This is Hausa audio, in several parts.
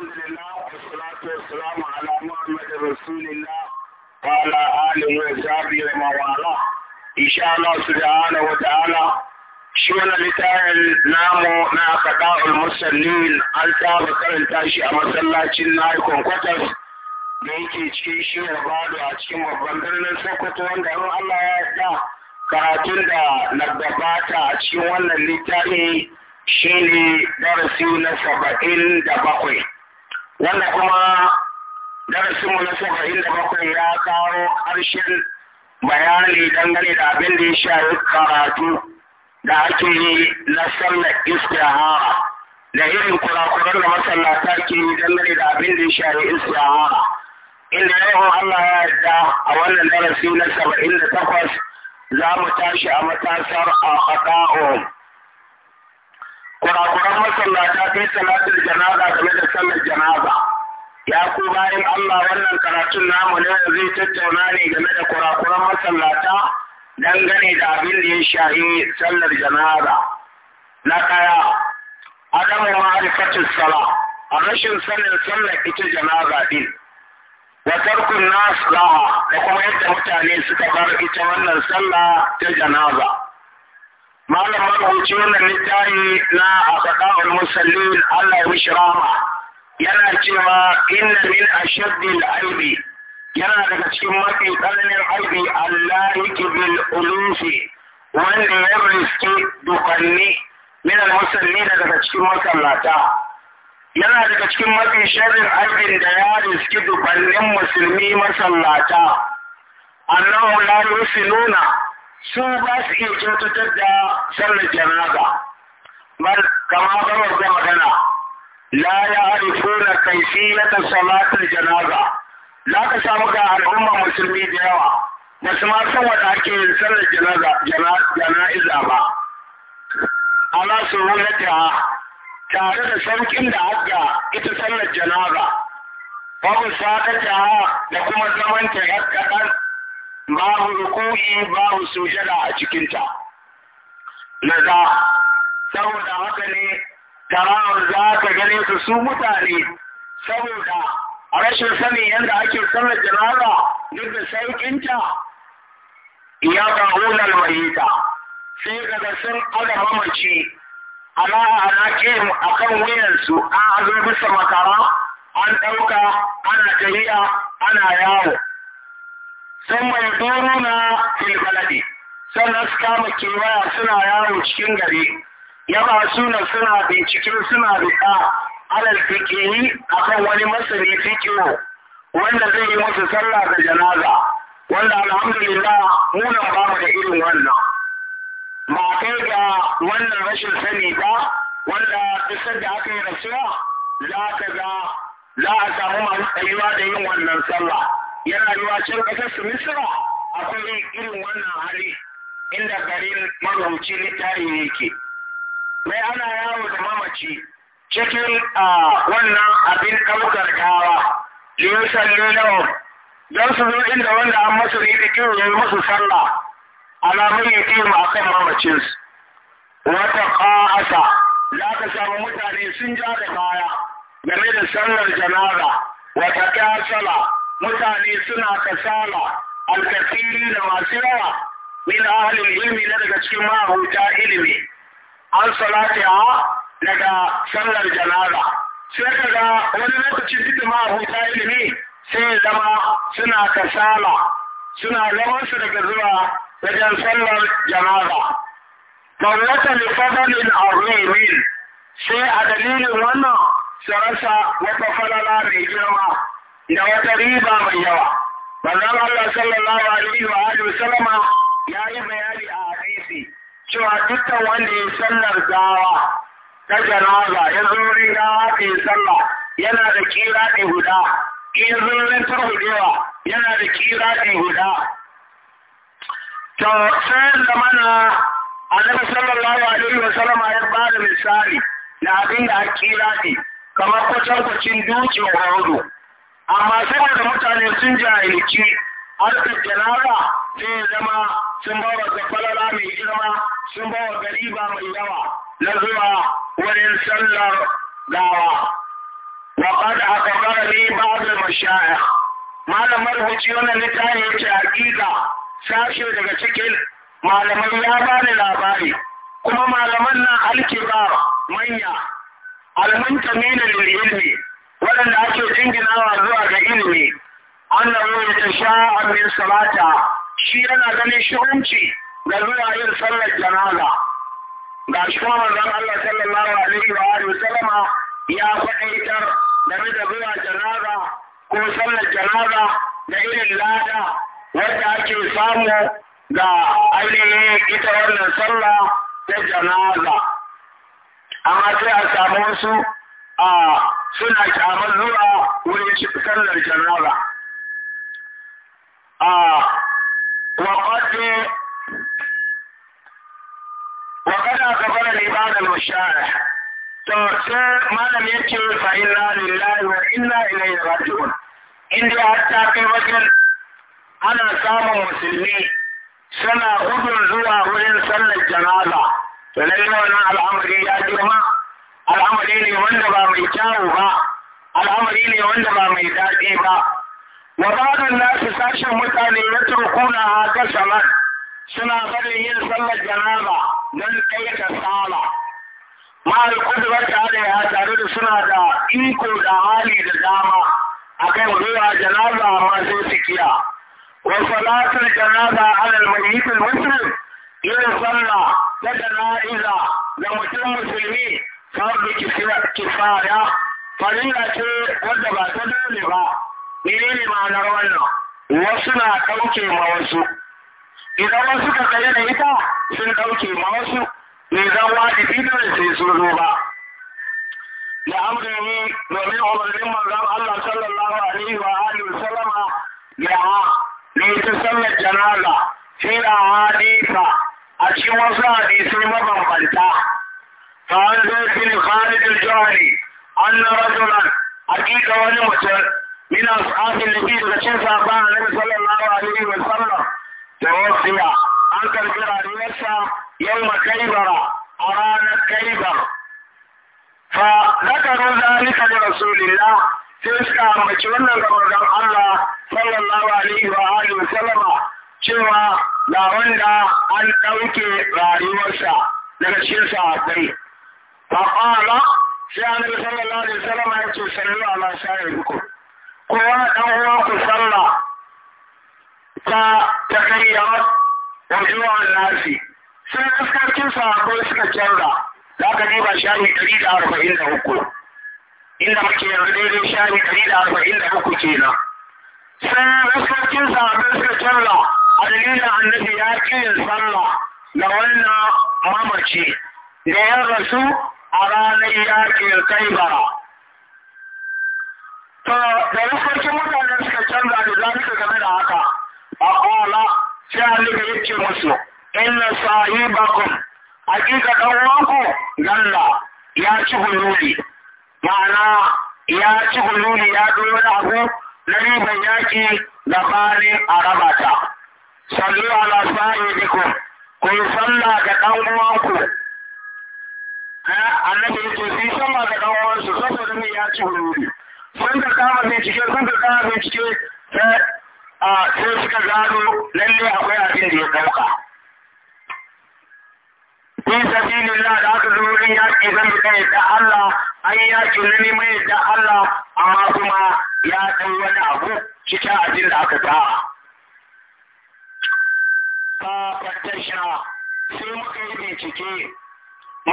الحمد لله والصلاة والسلام على محمد رسول الله وعلى آله وصحبه ومن والاه إن شاء الله سبحانه وتعالى شون لتاين نامو نا قضاء المسلمين an saba karanta shi a masallacin Naikon Kwatas da yake cikin shirin Bado a cikin babban birnin Sokoto wanda in Allah ya da karatun da na gabata a cikin wannan littafi shine darasi na saba'in da bakwai. Wannan kuma darasinmu na saba'in da bakwai ya kawo harshen bayani dangane da abin da ya shafi karatu da ake yi na sallar istihara da irin kurakuran da masallata ke yi dangane da abin da ya shafi istihara inda yawan Allah ya yarda a wannan darasi na saba'in da takwas za mu tashi a matasar a haɗa'o kurakuran masallata fi salatul janaza game da sallar janaza ya ku bayan Allah wannan karatun namu ne zai tattauna ne game da kurakuran masallata dangane da abin da ya shahi sallar janaza na kaya adamu ma'rifatus sala a rashin sanin sallar ita janaza din wa tarkun nas da kuma yadda mutane suka bar ita wannan sallah ta janaza malam marubuci wannan littafi na asaqa'ul musallin Allah ya mishi rahama yana cewa inna min ashaddil aibi yana daga cikin mafi tsananin aibi Allah yake bil ulufi wanda ya riske dukanni min al-musallin daga cikin masallata yana daga cikin mafi sharrin aikin da ya riske dubannin musulmi masallata annahu la yusiluna su ba su iya kyautatar da sallar janaza bal kama bawar da magana la ya ya ta salatar janaza za ka samu ga al'umma musulmi da yawa ba su ma ake yin sallar jana'iza ba ala su ta tare da saukin da haka ita sallar janaza babu sadar da da kuma zaman ta babu ruku'i babu sujada a cikinta naza saboda haka ne tarawar za ka gane su su mutane saboda rashin sanin yadda ake sallar janaza duk da ta. ya ƙahuna almayita sai daga sun ala mamaci ala alaƙim a kan wuyansu an azo bisa makara an ɗauka ana tahiya ana yawo sun mai duruna na baladi sannan su kama kewaya suna yawo cikin gari yaba suna suna bincike suna rika alal fikihi akan wani masani fikihu wanda zai yi musu sallah da janaza wanda alhamdulillah muna ba mu da irin wannan ba kai ga wannan rashin sani ba wanda duk da aka yi rasuwa za ka ga za a samu masu tsayuwa da yin wannan sallah yana ruwa can ƙasar su misira akwai irin wannan hali inda garin marubuci littari yake mai ana yawo da mamaci cikin a wannan abin ɗaukar gawa lisan lilawar don su zo inda wanda an masu rikikin ya yi musu sallah alamun ya fi akan kan mamacinsu wata ƙa'asa za ka samu mutane sun ja da baya game da sallar janara wata kasala mutane suna kasala alkasiri da masu yawa min ahalin ilmi na daga cikin mahuta ilimi an salati a daga sallar janaza sai kaga wani lokacin duk mahuta ilimi sai zama suna kasala suna zaman su daga zuwa wajen sallar janaza tawata li fadalin azimin sai a dalilin wannan rasa wata falala mai girma da wata riba mai yawa manzon Allah sallallahu alaihi wa alihi sallama ya yi bayani a hadisi cewa dukkan wanda ya sallar gawa ta janaza ya zuri gawa ta yi sallah yana da kira ɗi guda in zurin hudewa yana da kira ɗi guda to sai da mana annabi sallallahu alaihi wa sallama ya ba da misali na abin da kira ɗi kamar kwatankwacin dukin hudu amma saboda mutane sun jahilci harkar jarara sai zama sun bawa zafalala mai girma sun bawa gariba mai yawa na zuwa wurin sallar gawa wa qad akbara li ba'd al-mashayikh malam marhuci wannan ya ce hakika sashe daga cikin malaman ya bani labari kuma malaman na alkibar manya almuntamina lil ilmi waɗanda ake jinginawa zuwa ga ilimi ta sha abin salata shi yana ganin shi'unci ga zuwa yin sallar janaza ga shi kuma Allah sallallahu alaihi wa alihi Salama ya faɗaitar game da zuwa janaza ko sallar janaza da irin lada wadda ake samu ga ainihin ita wannan sallah ta janaza amma sai a samu wasu a suna kyamar zuwa wurin sallar janaza a waƙaɗe waƙaɗa gabar libanar mashara to sai malam ya ce fa inna lillahi Ina inna ilaihi raji'un har ta kai wajen ana samun musulmi suna gudun zuwa wurin sallar janaza to lallai wannan al'amari ya girma al'amari ne wanda ba mai kyawu ba al'amari ne wanda ba mai daɗi ba wa ba'dan nasu sashen mutane ya turkuna haka salat suna barin yin sallar janaba don ɗaya ta sala ma'al kudurar tare ya tare da suna da iko da hali da dama akan zuwa janaba amma sai su kiya wa salatul janaba ala al-mayyit al-muslim yin sallah ta jana'iza da mutum musulmi ki fara farilla ce wadda ba ta dole ba ne ne ma'anar wannan wasu na ɗauke ma wasu idan wasu ka kare da ita sun ɗauke ma wasu bai zan wajibi da sai sun zo ba da amrini domin umarnin manzon Allah sallallahu alaihi wa alihi wa sallama ya ne ta sallar janaza sai da hadisa a cikin wasu hadisai mabambanta قال زيد بن خالد الجهني أن رجلا أكيد ونمت من أصحاب النبي لكن صحابة النبي صلى الله عليه وسلم توفي أن تذكر اليسا يوم كيبر أرانا كيبر فذكروا ذلك لرسول الله تسكى مجونا لبرجع الله صلى الله عليه وآله وسلم شوى لا عند أن ɗauke rayuwarsa daga cikin sahabbai faƙala sai annabi sallallahu alaihi wasallam ya ce sallu ala sahibikum kowa dan uwa ku sallah ta takayyar wajuwa nasi sai fuskacin sahabbai suka canza za ka diba shahi ɗari da arba'in da uku inda muke yanzu daidai shahi ɗari da arba'in da uku kenan sai fuskacin sahabbai suka canza a dalilin annabi ya ƙi yin sallah da wannan mamaci da ya rasu a ranar yakin bara. To, da mafarkin mutane suka canza da zalika game da haka, a kola sai halika yake musu, inna sahibakum hakika ɗan wanku galla ya ci hululi, ma'ana ya ci hululi ya ɗoyi da abu na riban yaƙi gabanin a rabata. Sallu ala sahibikum, ku yi sallah ga ɗan uwanku annabi ya ce sai sama da kawansu saboda mai ya ci huluri sun ka kama bincike sun ka kama bincike sai suka gano lalle akwai abin da ya ɗauka. Kun sabilin la da aka zo wurin yaƙi zan bi ɗaya da Allah an yaƙi na neman yadda Allah amma kuma ya ɗau wani abu cikin abin da aka ta. Ba fatasha sai muka yi bincike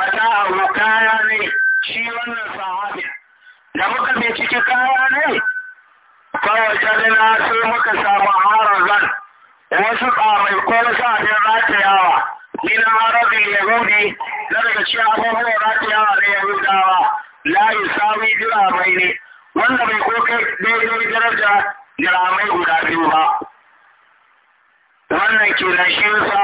abu kaya ne shi wannan sahabi da muka cikin kaya ne kawai na sai muka samu harazan wasu tsamai ko wasu abin ratayawa min harazin yahudi na daga ci abubuwan ratayawa na yahudawa la yi sami jiramai ne wanda bai ko kai daidai daraja jiramai guda biyu ba wannan ke na shi sa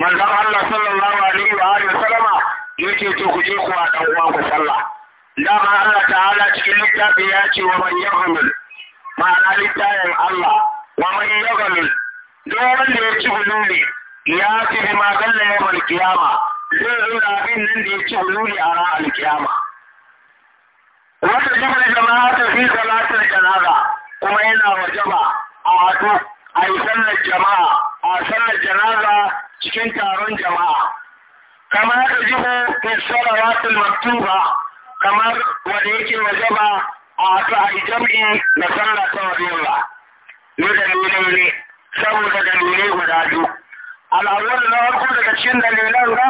manzon Allah sallallahu alaihi wa sallama yake to ku je ku a ɗan uwan ku sallah dama Allah ta'ala cikin littafi ya ce wa man yaghamil ma'ana littafin Allah wa man yaghamil duk wanda ya ci hululi ya ci bi ma galla ya mal kiyama zai zo da abin nan da ya ci hululi a ran alkiyama wata jibin jama'a ta fi salatin janaza kuma yana wajaba a wato a yi sallar jama'a a sallar janaza cikin taron jama'a kama da fi salawatul maktuba kamar wanda yake wajaba a haka a jam'i na sallah ta ba. ne dalilai ne saboda dalilai guda biyu al'awar na farko daga cikin dalilan ga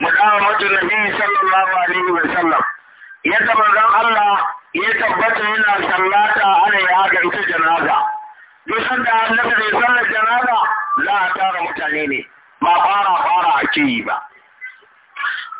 mutawamatu nabi sallallahu alaihi wa sallam yadda manzon Allah ya tabbata yana sallata ana ya ganta janaza dusan sanda annabi zai sallar janaza za a tara mutane ne ba fara fara ake yi ba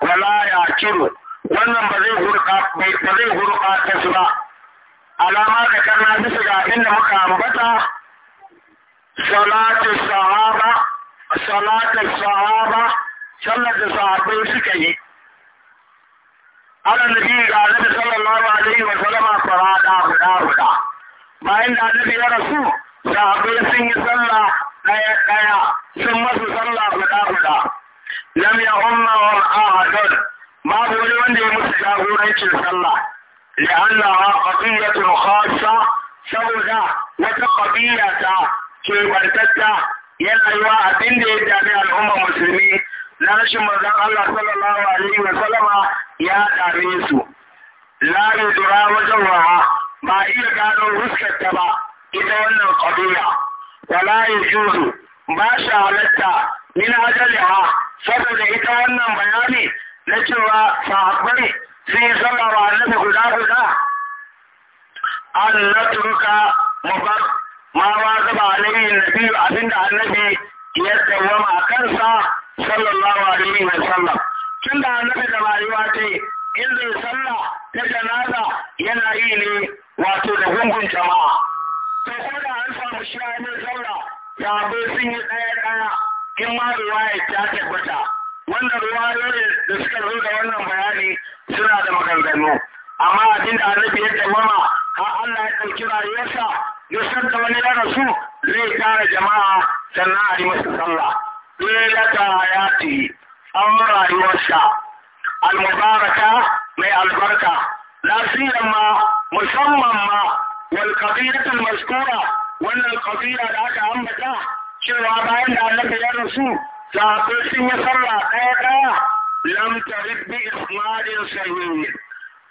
wala ya kiru wannan ba zai ta su ba alama da kana bisa ga inda muka ambata salatu sahaba salatu sahaba sallar da sahabbai suka yi ala nabi ga annabi sallallahu alaihi wa sallama farada guda guda bayan da annabi ya rasu sahabbai sun yi sallah daya daya sun masu sallah guda guda lam ya umma wal ahad babu wani wanda ya musu jagorancin sallah li'annaha qadiyatun khassa saboda wata qadiya ta ke barkatta yana yi wa abin da ya dami al'ummar musulmi na rashin manzon Allah sallallahu alaihi wa sallama ya dame su la yudra wajhaha ba iya gano huskar ba ita wannan qadiya wala yajuzu ba shi halatta min ha, saboda ita wannan bayani na cewa sahabbai sun yi sallah wa annabi guda guda an mabar ma wa zaba alaihi nabi abinda annabi ya a kansa sallallahu alaihi wa sallam tunda annabi da rayuwa ce in zai sallah ta janaza yana yi ne wato da gungun jama'a to ko an samu shi ne sallah abin sun yi ɗaya ɗaya in ma riwaya ta tabbata wanda ruwayoyi da suka zo da wannan bayani suna da maganganu amma abinda annabi ya tsamama har Allah ya ɗauki rayuwarsa ya san da wani ya rasu zai kare jama'a sannan a yi masa sallah ta hayati an rayuwarsa almubaraka mai albarka lasiyan ma musamman ma wal qadiyatul mazkura wannan qadiya da aka ambata cewa bayan da annabi ya rasu kafin sun yi sallah ɗaya ɗaya lam tarib bi isnadin sahihi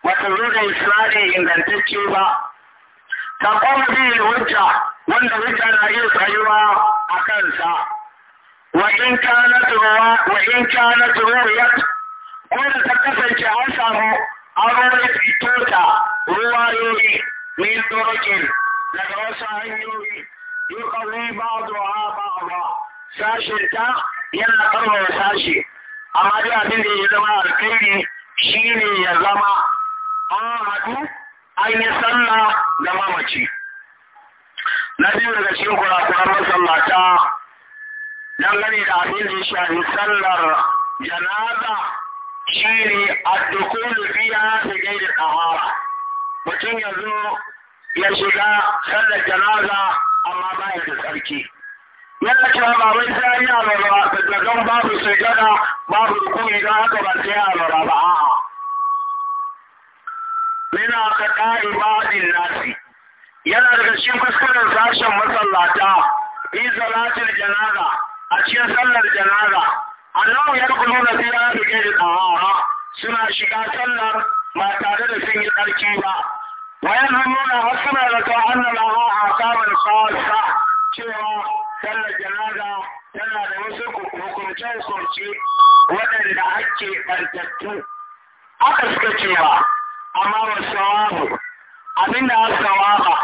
wata zo da isnadin ingantacce ba ta kuma bi hujja wanda hujja na iya tsayuwa a kansa wa in kanat ruwa wa in kanat ruwayat ko da ta kasance an samu aure fitota ruwayoyi min dorokin daga wasu hanyoyi yukawi ba zuwa ba ba sashen ta yana karfafa sashi amma dai abin da ya zama alkhairi shine ya zama an haɗu an yi sallah da mamaci na biyu daga cikin kurakuran masallata dangane da abin da ya shafi sallar janaza shine addukulu biya da gaida tsahara mutum ya zo ya shiga sallar janaza amma baya da tsarki yana cewa ba wai sai yi alwara ba da gan babu sujada babu rukuni don haka ba sai alwara ba a'a mina ka ka'i ba'din nasi yana daga cikin kuskuren sashen masallata fi salatul janaza a cikin sallar janaza annahu yadkhuluna fi hadhihi al-ahara suna shiga sallar ba tare da sun yi tsarki ba wayan hannuna wasu na da ta'anna la'a a samun kawasa cewa sallar janaza tana da wasu hukunce-hukunce waɗanda ake ɓartattu. Aka suka cewa, amma wa abin abinda a waka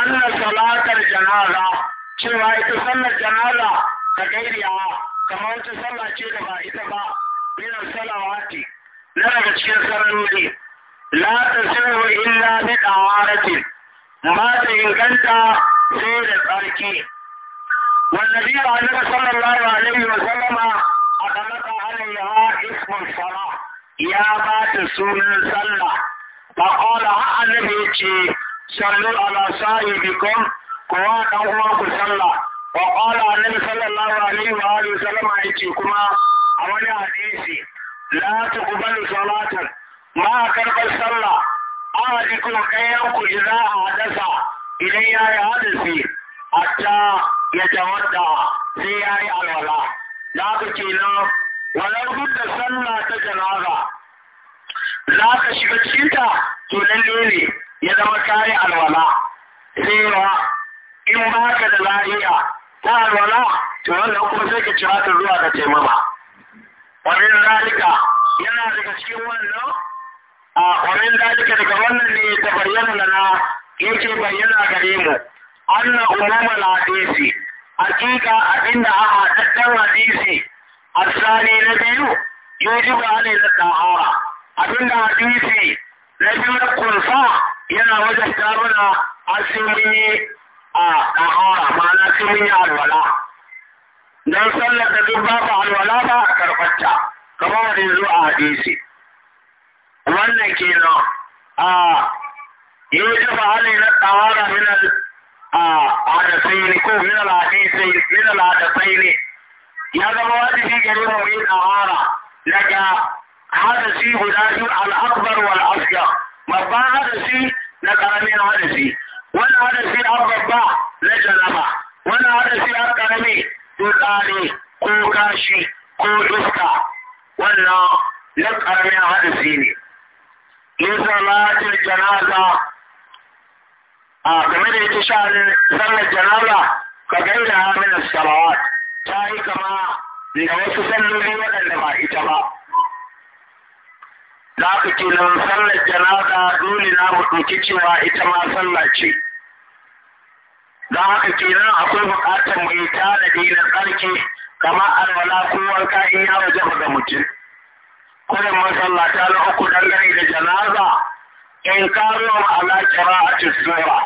an na salatar janaza, cewa ita sallar janaza ka gairiyawa, kamar wata sallar ce da ba ita ba, salawa salawati, na daga cikin sararori. La ta illa bi ɗawaratin, ma ta inganta sai da tsarki. والنبي عليه صلى الله عليه وسلم أطلق عليها اسم الصلاة يا بات سونا صلى فقال النبي صلوا على صاحبكم كوا دعوانك صلى وقال النبي صلى الله عليه وآله وسلم كما أولي حديثي لا تقبل صلاة ما كرب صلى أحدكم كيوك إذا حدث إلي يا حدثي حتى ya tawadda sai ya yi alwala da haka kenan walau duk da sallah ta janaza za ka shiga cikinta to nan ne ya zama kayi alwala wa in ba ka da la'iya ta alwala to wannan kuma sai ka cira ta zuwa da taimama wannan zalika yana daga cikin wannan a wannan zalika daga wannan ne ta bayyana na yake bayyana gare mu anna umuman hadisi hakika abinda aka haɗaɗɗen hadisi asali na biyu yujibu alil tahara abinda hadisi na biyu na kunsa yana wajen a asimi a tahara ma'ana cimin yi alwala don sallar da duk babu alwala ba a karfacta kamar wani zuwa hadisi wannan kenan a yujibu na tahara min al حدثين كو من الحديثين من الحدثين يا زما واجبي gare mu yi tsara daga hadasi guda biyu al-akbar wal asghar babban hadasi na karamin hadasi wani hadasi an babba na jaraba wani hadasi an karami tsare ko kashi ko iska wannan na karamin hadasi ne. Yin salatin janaza a game da yake sha'an sallar janaba ka gaida min salawat ta yi kama da wasu salloli waɗanda ba ita ba da ke kenan sallar janaza dole na mu cewa ita ma sallah ce ka ke kenan akwai buƙatar mai yi tanadi na tsarki kama alwala ko wanka in ya waje ga mutum kullum masallata na uku dangane da janaza In inkaruhum ala qira'ati sura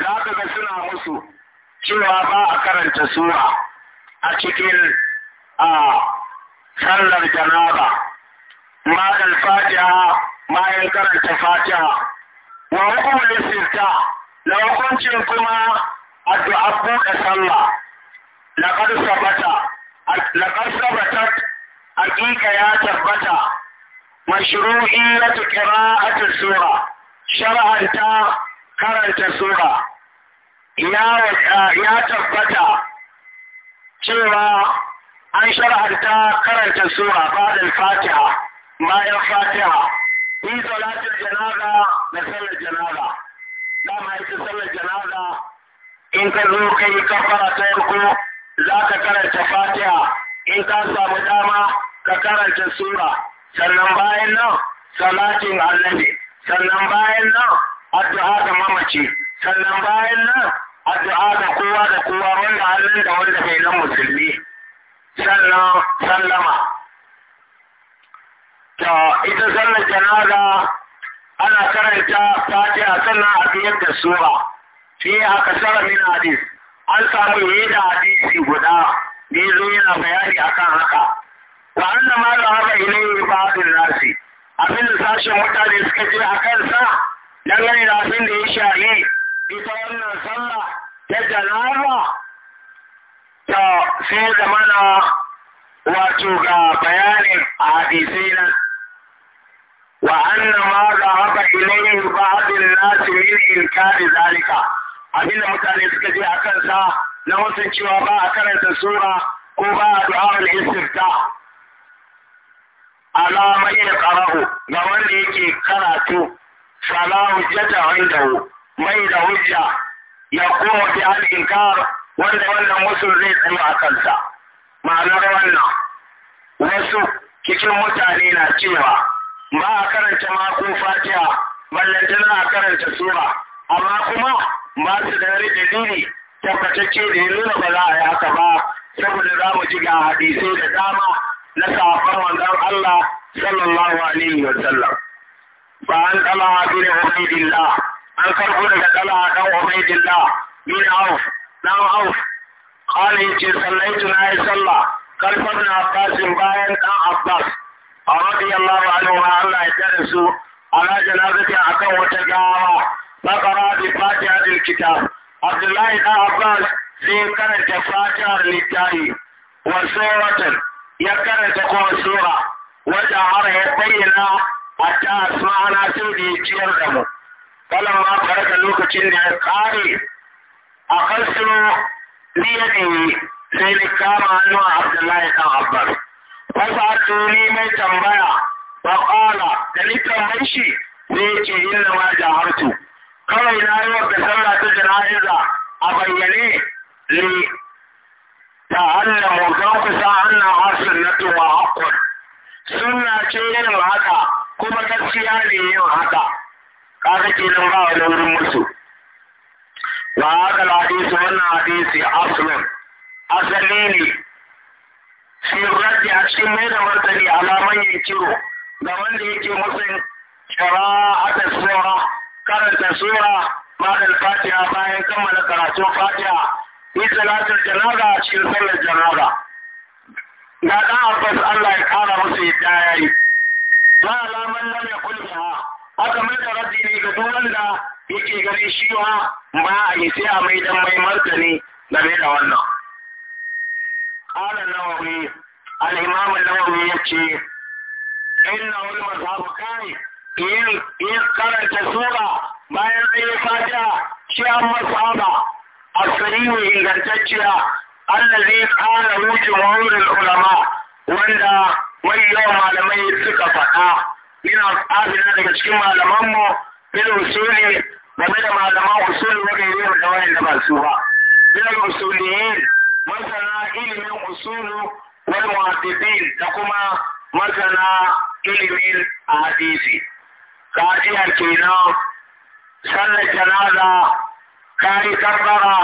za ka ga suna musu cewa ba a karanta sura a cikin a sallar janaba ma al-fatiha ma karanta fatiha wa hukumar al-istifta hukuncin kuma addu'a buɗe sallah Na ƙarsa bata, sabatat ya tabbata مشروعية قراءة السورة شرعا تا قرأت السورة يا يا تبتا شرع أن شرعا تا قرأت السورة بعد الفاتحة ما الفاتحة في صلاة الجنازة لصلاة الجنازة لا ما يتصلى الجنازة إن كذو كي كفر تركو لا تقرأت الفاتحة إن كان سامداما تقرأت السورة sannan bayan nan salatin annabi sannan bayan nan addu'a ga mamaci sannan bayan nan addu'a ga kowa da kowa wanda annan da wanda bai nan musulmi sannan sallama ta ita sallar janaza ana karanta fatiha sannan a biyar da sura fi aka sara min hadis an samu yi da hadisi guda ne zo yana bayani akan haka wa anna ma zahaba ilayhi ba'd an-nas abin da sashen mutane suka je a kansa dangane da abin da ya shahi ita wannan sallah ta jana'a ta sai zamana wato ga bayanin a hadisai nan وأن ما ذهب إليه بعض الناس من إنكار ذلك abinda mutane suka je a kansa na wasan cewa ba a karanta sura ko ba a du'a'ul istifta alama ya ƙarahu ga wanda yake karatu fala hujjata indahu mai da hujja ya koma fi al inkar wanda wannan musul zai tsayo a kansa ma'anar wannan wasu cikin mutane na cewa ba a karanta mako fatiha za a karanta sura amma kuma ba su da wani dalili tabbatacce da ya nuna ba za a yi haka ba saboda za mu ji ga hadisai da dama na sahabban manzon Allah sallallahu alaihi wa sallam fa an talha bin ubaidillah an karbo daga talha dan ubaidillah min auf dan auf qala yace sallaitu na yi sallah karfan na abbasin bayan dan abbas radiyallahu anhu Allah ya tare su ala janazati akan wata gawa فقرأ بفاتحة الكتاب عبد الله بن عباس في كانت فاتحة للتاهي وسورة ya karanta kuma sura wata har ya bayyana a ta asma'ana sau da ya ciyar da mu kalan ma farka lokacin da ya kare a kasuro liyadi sai ni kama hannu a abdullahi kan abbas Wasu a tuni mai tambaya ba kala da ni mai shi ne ya ce yin da jahartu kawai na yi wa sallah ta jana'iza a bayyane تعلموا كوكسا أنها سنة kuma سنة كيرين هكا كما تسياني هكا kaga kenan ba wani wurin musu ba haka da hadisi wannan hadisi aslun asali ne shi raddi a cikin mai da martani alaman yin kiro da wanda yake musun qira'ata sura karanta sura ba da fatiha bayan kammala karatun fatiha yi salatul janaza a cikin sallar janaza na dan abbas Allah ya kara musu yadda yayi ba alaman lam yakul biha aka mai da raddi ne ga duk wanda yake gare shi wa ba a yi sai a mai dan mai martani game da wannan qala nawawi al-imam nawawi yace inna wal mazhab kai in in karanta sura bayan ayi fatiha shi an masaba الصحيح ingantacciya allazi qala hu jumhurul ulama wanda wayyau malamai suka faɗa ina abina daga cikin malamanmu bil usuli game da malaman usuli wanda yake da da ba ba bil usuliyin masana ilimin usulu wal muhaddithin da kuma masana ilimin hadisi ka'iya kenan sallar janaza ka yi karbara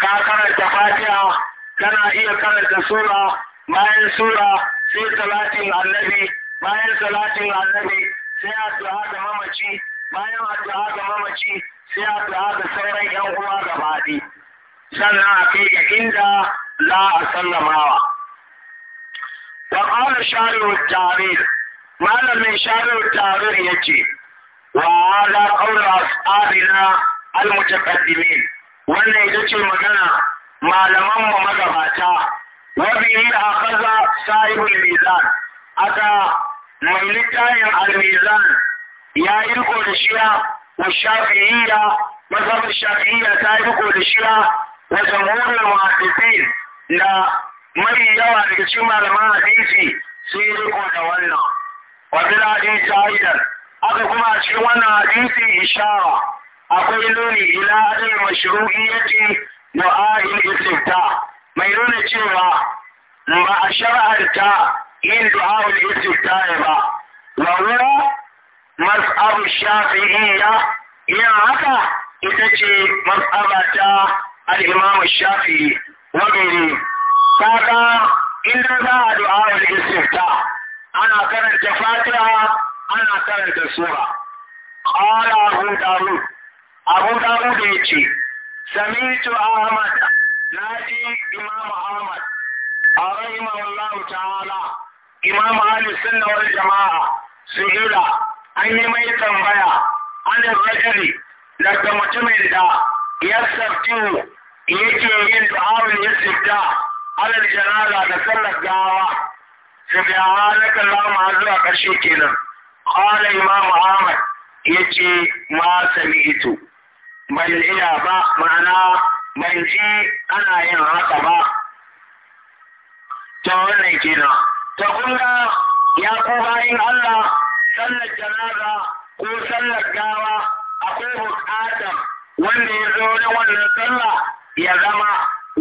ka karanta fatiha kana iya karanta sura bayan sura sai salatin annabi bayan salatin annabi sai addu'a ga mamaci bayan addu'a ga mamaci sai addu'a ga sauran yan uwa gaba sannan a kai ga inda za a sallamawa wa qala shari'u tarir malamin shari'u tarir yace wa ala qawla ashabina al-mutaqaddimin wannan ita ce magana malaman mu magabata wa bihi akhadha sahibul mizan aka mai littafin al-mizan ya yi riko da shiya wa shafi'iyya mazhabin shafi'iyya ta yi riko da shiya wa jamhurul muhaddisin da mai yawa daga cikin malaman hadisi sun yi riko da wannan wa bil hadisi aidan aka kuma a cikin wannan hadisi ishara akwai nuni ila adal mashru'iyyati du'a'il istifta mai nuna cewa ba a shar'anta yin ul istifta ba wa huwa mas'abu shafi'iyya ya haka ita ce mas'aba ta al-imam shafi'i wa gari kaga inda za a ul istifta ana karanta fatiha ana karanta sura qala abu dawud abu dawud ya ce samitu ahmad na ji imam ahmad a rahimahullahu ta'ala imam Ali, sunna wani jama'a gida, an yi mai tambaya an yi rajari daga mutumin da ya sartu yake yin ya sita, alal janaza da sallar gawa su subhanaka lama zuwa ƙarshe kenan qala imam ahmad ya yace ma ito. mai ila ba ma'ana mai ji ana yin haka ba ta wannan kenan ta kunga ya ku bayan Allah sallar janaza ko sallar gawa akwai bukatar wanda ya zo na wannan sallah ya zama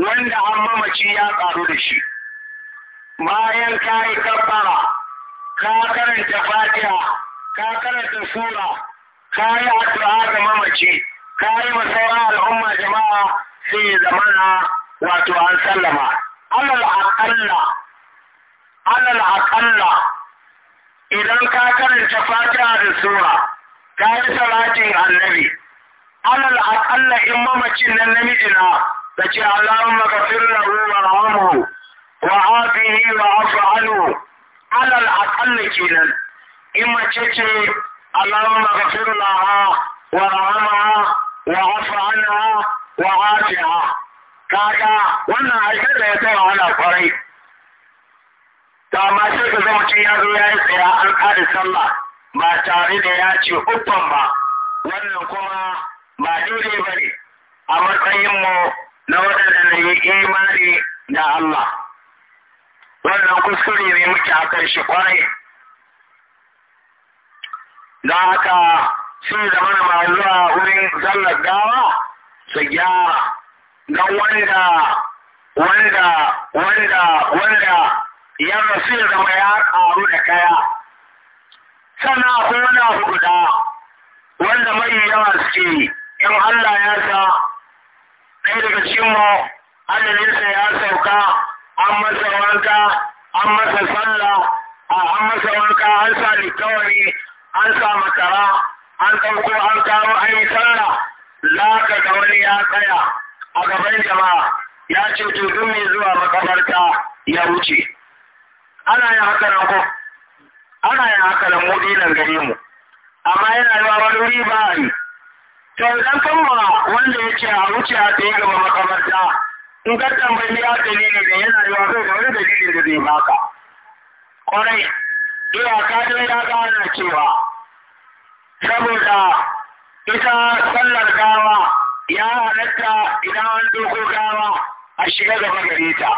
wanda an mamaci ya karu da shi bayan ka yi kabbara ka karanta fatiha ka karanta sura ka yi addu'a ga mamaci ka yi wa sauran al'umma jama'a sai zamana wato an sallama alal aqalla alal aqalla idan ka karanta fatiha da sura ka yi salatin annabi alal aqalla in mamacin nan namiji na ka ce allahumma ghafir lahu warhamhu wa afihi wa afu anhu alal aqalla kenan in mace ce allahumma ghafir laha warhamha وعفى عنها kaga wannan haifar da ya tsaya ana kwarai ta ma sai ka zama cin ya zo ya yi tsaya an kare sallah ba tare da ya ce uban ba wannan kuma ba dole ba ne a matsayinmu na waɗanda na yi imani da Allah wannan kuskure ne muke a kan shi kwarai don haka sun zama na zuwa wurin zallar gawa su gyara don wanda wanda wanda wanda ya rasu ya zama ya karu da kaya sannan akwai wani abu wanda mai yawa suke in Allah ya sa ɗaya daga cikin mu ya sauka an masa wanka an masa sallah an masa wanka an sa likawari an sa makara an ɗauko an kawo an yi sallah za ka ga wani ya tsaya a gaban jama'a ya ce to duk mai zuwa makabarta ya wuce ana yin haka nan ko ana yin haka nan mu dinan gare mu amma yana yi wa wani wuri ba a yi to idan kan ma wanda ya ce a wuce a ta yi gaba makabarta in ka tambayi ya dalili da yana yi wa kai ga wani dalilin da zai baka kwarai iyaka dai ya gana cewa saboda ita sallar gawa ya halatta idan an doko gawa a shiga gaba gare ta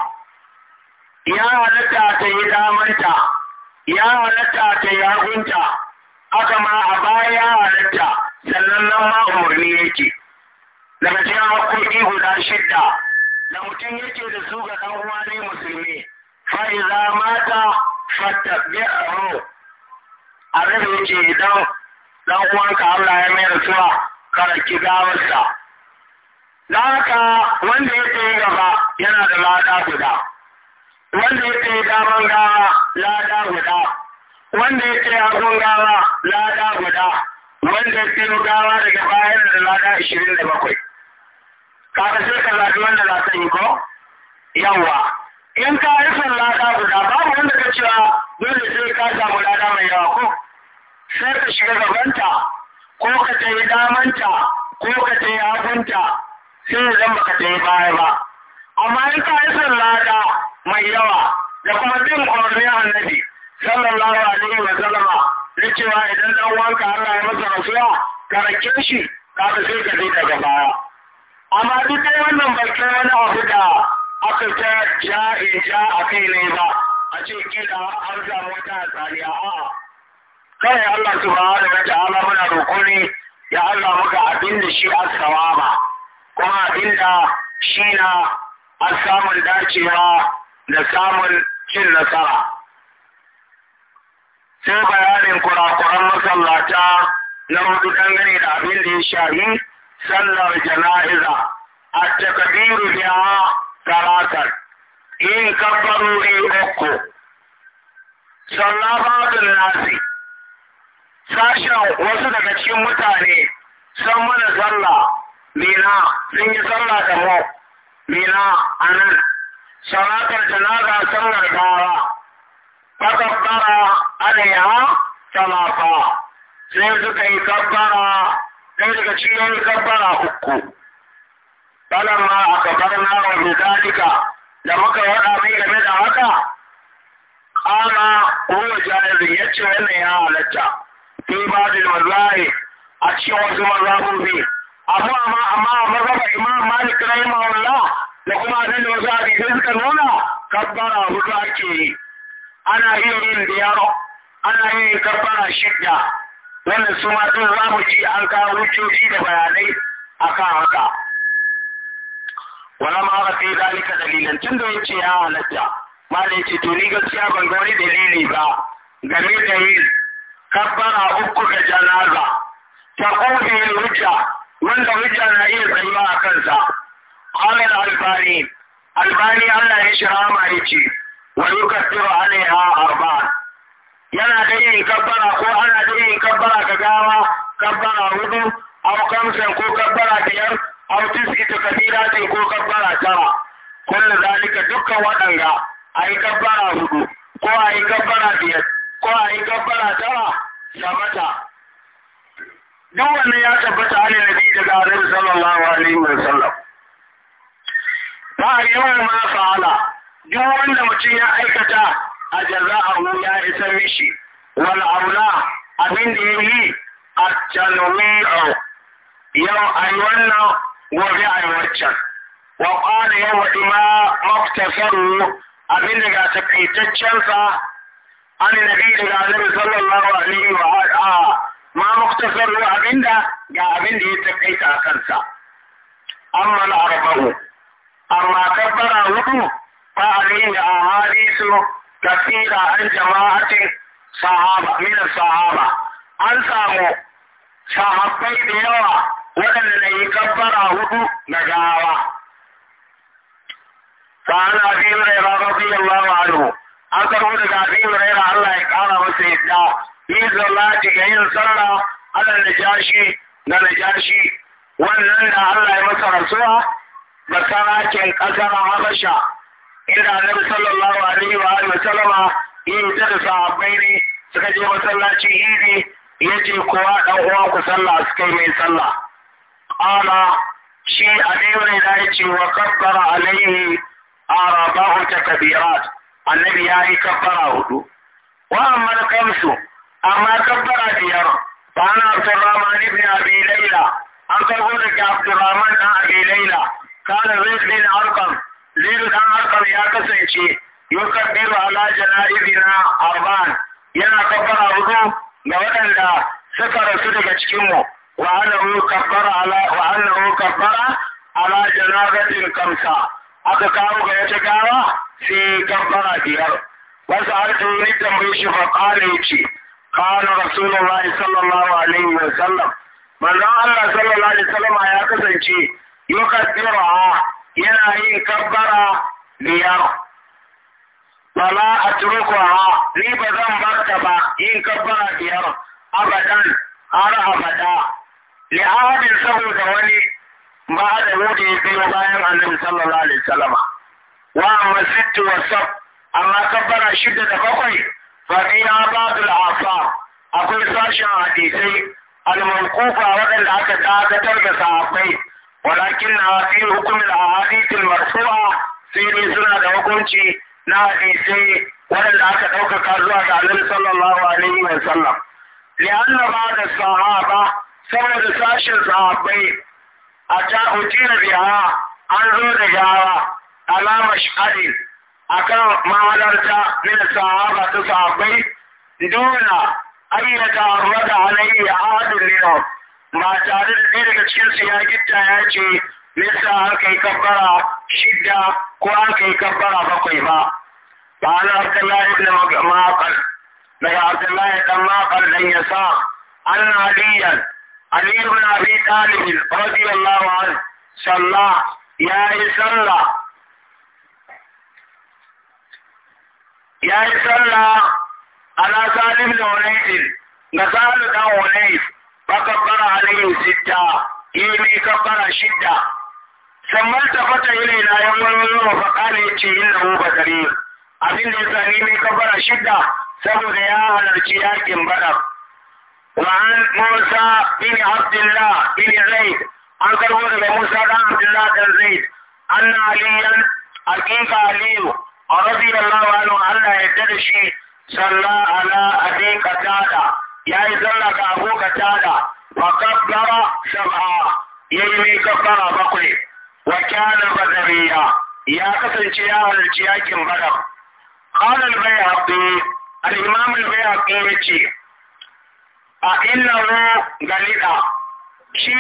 ya halatta ta yi damanta ya halatta ta yi hagunta haka ma a baya ya halatta sannan nan ma umarni yake daga cikin hakkoki guda shidda da mutum yake da su ga ɗan uwa ne musulmi fa'iza mata fattabi'ahu a yake idan dan uwanka Allah ya mai rasuwa kada ki gawarsa da haka wanda ya tsaye gaba yana da lada guda wanda ya tsaye daman gawa lada guda wanda ya tsaye hagun gawa lada guda wanda ya tsaye gawa daga bayan da lada ishirin da bakwai Kaka sai ka zaɓi wanda za ta yi ko yawa in ka yi lada guda babu wanda ka cewa ah, dole sai ka samu lada mai yawa ko sai ka shiga gabanta ko ka ta yi damanta ko ka ta yi hagunta sai zan baka ta yi baya ba amma in ka yi sallada mai yawa da kuma bin umarnin annabi sallallahu alaihi wa sallama na cewa idan dan wanka Allah ya masa rasuwa ka rake shi ka ta sai ka je daga baya amma duk dai wannan bakin wani abu da aka ta ja in ja a kai ne ba a ce kila an samu wata a a'a kawai Allah da wata ala muna roƙo ya Allah muka abin da shi a sawaba kuma abin da shi na samun dacewa da samun cin nasara sai bayanin kurakuran masallata na hudu dangane da abin da ya shari sallar jana'iza a takabiru biya karatar. in kabbarori uku ba da nasi sashen wasu daga cikin mutane sun mana tsalla, mina sun yi tsalla da mu mina a nan salatar janaza sallar gawa fakabbara alaiha talata sai suka yi kabbara ɗaya daga cikin kabbara uku a aka na wa dalika da muka waɗa mai game da haka ƙama kowa jayar ya ce wannan ya halatta fi da mazari a cikin wasu mazhabobi amma amma amma mazhabar imam malik rahimahullah da kuma abin da wasu da suka nuna kabbara hudu ake yi ana iya yin biyar ana yin kabbara shidda wannan su ma sun za ci an kawo wucoci da bayanai akan haka wala ma ka sai zalika dalilan tun da yace ya halatta malai ce to ni gaskiya ban ga wani dalili ba game da yin kabbara uku ga janaza ta ƙofi hujja wanda hujja na iya tsayuwa a kansa halin albani albani Allah ya shira ma ya ce wa yukaddiru a arba yana da yin kabbara ko ana da yin kabbara ga gawa kabbara hudu aw kamsan ko kabbara biyar aw kabila ce ko kabbara tara kullu zalika dukkan a yi kabbara hudu ko a yi kabbara biyar ko a yi gabbara tara ya mata duk wannan ya tabbata na biyu daga annabi sallallahu alaihi wa sallam ba yawan ma fa'ala duk wanda mutum ya aikata a jaza'ahu ya isa mishi wal aula abin da ya yi a tanwi'u yau ai wannan gobe ai waccan wa qala yawma ma maftasaru abin da ga takaitaccen sa عن النبي daga annabi sallallahu alaihi wa a ma muktasaru abinda ga abin da ya takaita a kansa amma al-arba'u amma kabbara hudu fa alaihi ahadisu kafira an jama'atin sahaba min sahaba an samu sahabbai da yawa waɗanda na yi kabbara hudu na gawa فعن أبي هريرة رضي الله عنه an karbo daga abin raira Allah ya kara masa yadda yi zalla daga yin sallah ana najashi na najashi wannan da Allah ya masa rasuwa basarakin ƙasar Habasha inda Annabi sallallahu alaihi wa alihi wasallama yi ta da sahabbai ne suka je masallaci idi ya ce kowa ɗan uwa ku sallah suka mai sallah ƙala shi a ne da ya ce wa kabbara alaihi arba'u takbirat annabi ya yi kabbara hudu wa amma kamsu amma kabbara biyar ba ana abdurrahman ibn abi laila an karbo ke abdurrahman dan abi laila kana zai bin arqam zaid dan arqam ya kasance yukabbiru ala na arban yana kabbara hudu ga waɗanda suka rasu daga cikinmu wa annahu kabbara ala wa annahu kabbara ala janabatin kamsa aka kawo ga wata gawa sai kafara biyar wasu arzikin ya tambaye shi fa kala ya ce kana rasulullahi sallallahu alaihi wa sallam manzon Allah sallallahu alaihi wa ya kasance yukaddira yana yin kabbara biyar wala atrukuha ni ba zan barka ba yin kabbara biyar abadan har abada li ahadin saboda wani ba da ya biyo bayan annabi sallallahu alaihi wa wa wasitti wasab amma kabbara shida da bakwai fa babu ba'dul afa akwai sashen hadisai al-manqufa waɗanda aka dakatar da sahabbai walakin na fi hukumin ahadith marfua sai ne suna da hukunci na hadisai waɗanda aka ɗaukaka zuwa ga Annabi sallallahu alaihi wa sallam لأن بعض الصحابة saboda sashen sahabbai a ta utina an zo da gawa Alama ala mashhadin akan mahalarta min sahaba ta sahabbai duna an ya ta'arrada a ahadun minhum ba tare da ɗaya daga cikin su ya gitta ya ce nisa aka yi kabbara shidda ko aka yi kabbara bakwai ba ba na abdullahi ibn maqal daga abdullahi dan maqal dan yasa an aliyan ali ibn abi talib radiyallahu anhu sallah ya yi sallah ya yi sallah ala salim da wanaitin ga salu dan wanait ba kabbara alayhi sita yi mai kabbara shidda sannan ta fata ile na yan wani wa faƙala ya ce yin lahu basari abin da ya sani mai kabbara shidda saboda ya halarci yakin bada وعن musa بن abdullah الله بن an karbo daga Musa dan Abdullah dan Zaid anna aliyan hakika aliyu رضي الله عنه ألا يدرشي صلى على أبي قتادة يا يزلك أبو قتادة فكبر سبعة يلي كبر بقلي وكان بدريا يا قتل شيا كم بدر قال البيهقي الإمام البيهقي يجي أإنه غلطة شي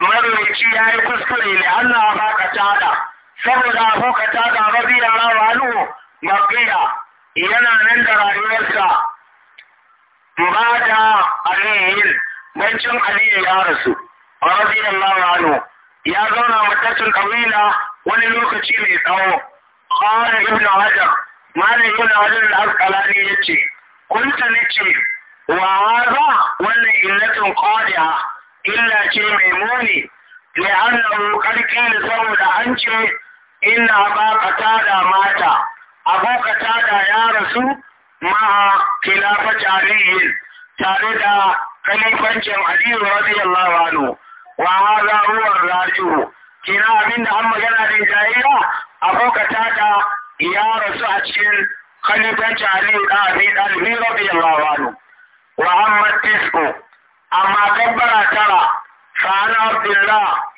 مرمي شي كسكري لأن لأنها قتادة saboda abokan ta ga biya rawa walu makiya yana nan da rayuwarsa ba da aliyin bancin aliyu ya rasu rabi yara ya zauna matattun ƙabila wani lokaci mai tsawo ƙara ibn hajar malam ibn hajar al-asqalani yace kunta nace wa hadha wannan illatun qadiha illa ce mai muni li'annahu qad kana saboda an ce Ina ba tada mata abu tada ya rasu ma khilafati aliyin tare da kalifancin aliyu radiyallahu anhu wa hadha huwa rajihu kina da an magana din jahiliya abu tada ya rasu a cikin kalifancin aliyu da abi Aliyu radiyallahu anhu wa amma tisku amma kabbara tara fa ana abdullah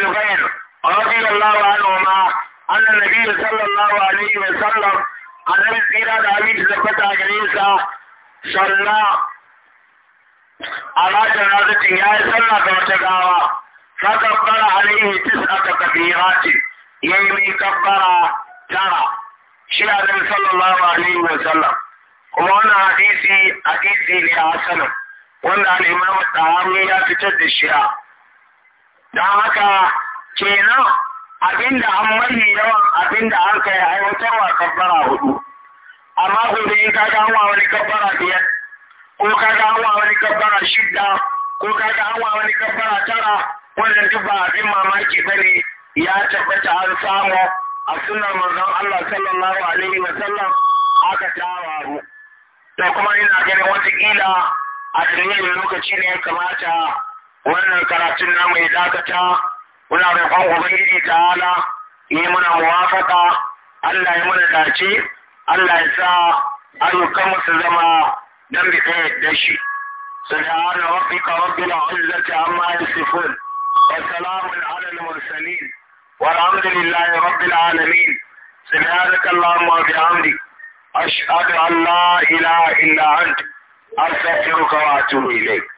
zubair رضي الله عنهما أن النبي صلى الله عليه وسلم أن السيرة دعوين سبتا جريسة صلى على جنازة يا صلى فوتداوا فكبر عليه تسعة تكبيرات يمي كبر ترى شيء صلى الله عليه وسلم وانا حديثي حديثي لحسن وانا الإمام الطهاوي يا فتد الشيعة دعاك kenan abinda an mahi yawan abinda an kai aiwatarwa kabbara hudu amma gobe in ka ga wani kabbara biyar ko kaga ga wani kabbara shidda ko ka ga wani kabbara tara wannan duk ba abin mamaki bane ya tabbata an samu a sunan manzon Allah sallallahu alaihi wa sallam aka ru to kuma ina ganin wata kila a dalilin lokaci ne ya kamata wannan karatun namu ya dakata muna roƙon ubangiji ta'ala yi muna muwafaka Allah ya muna dace Allah ya sa ayyukan su zama dan bi kai da shi سبحان ربك رب العزة عما يصفون وسلام على المرسلين والحمد لله رب العالمين سبحانك اللهم وبحمدك أشهد أن لا إله إلا أنت أستغفرك وأتوب إليك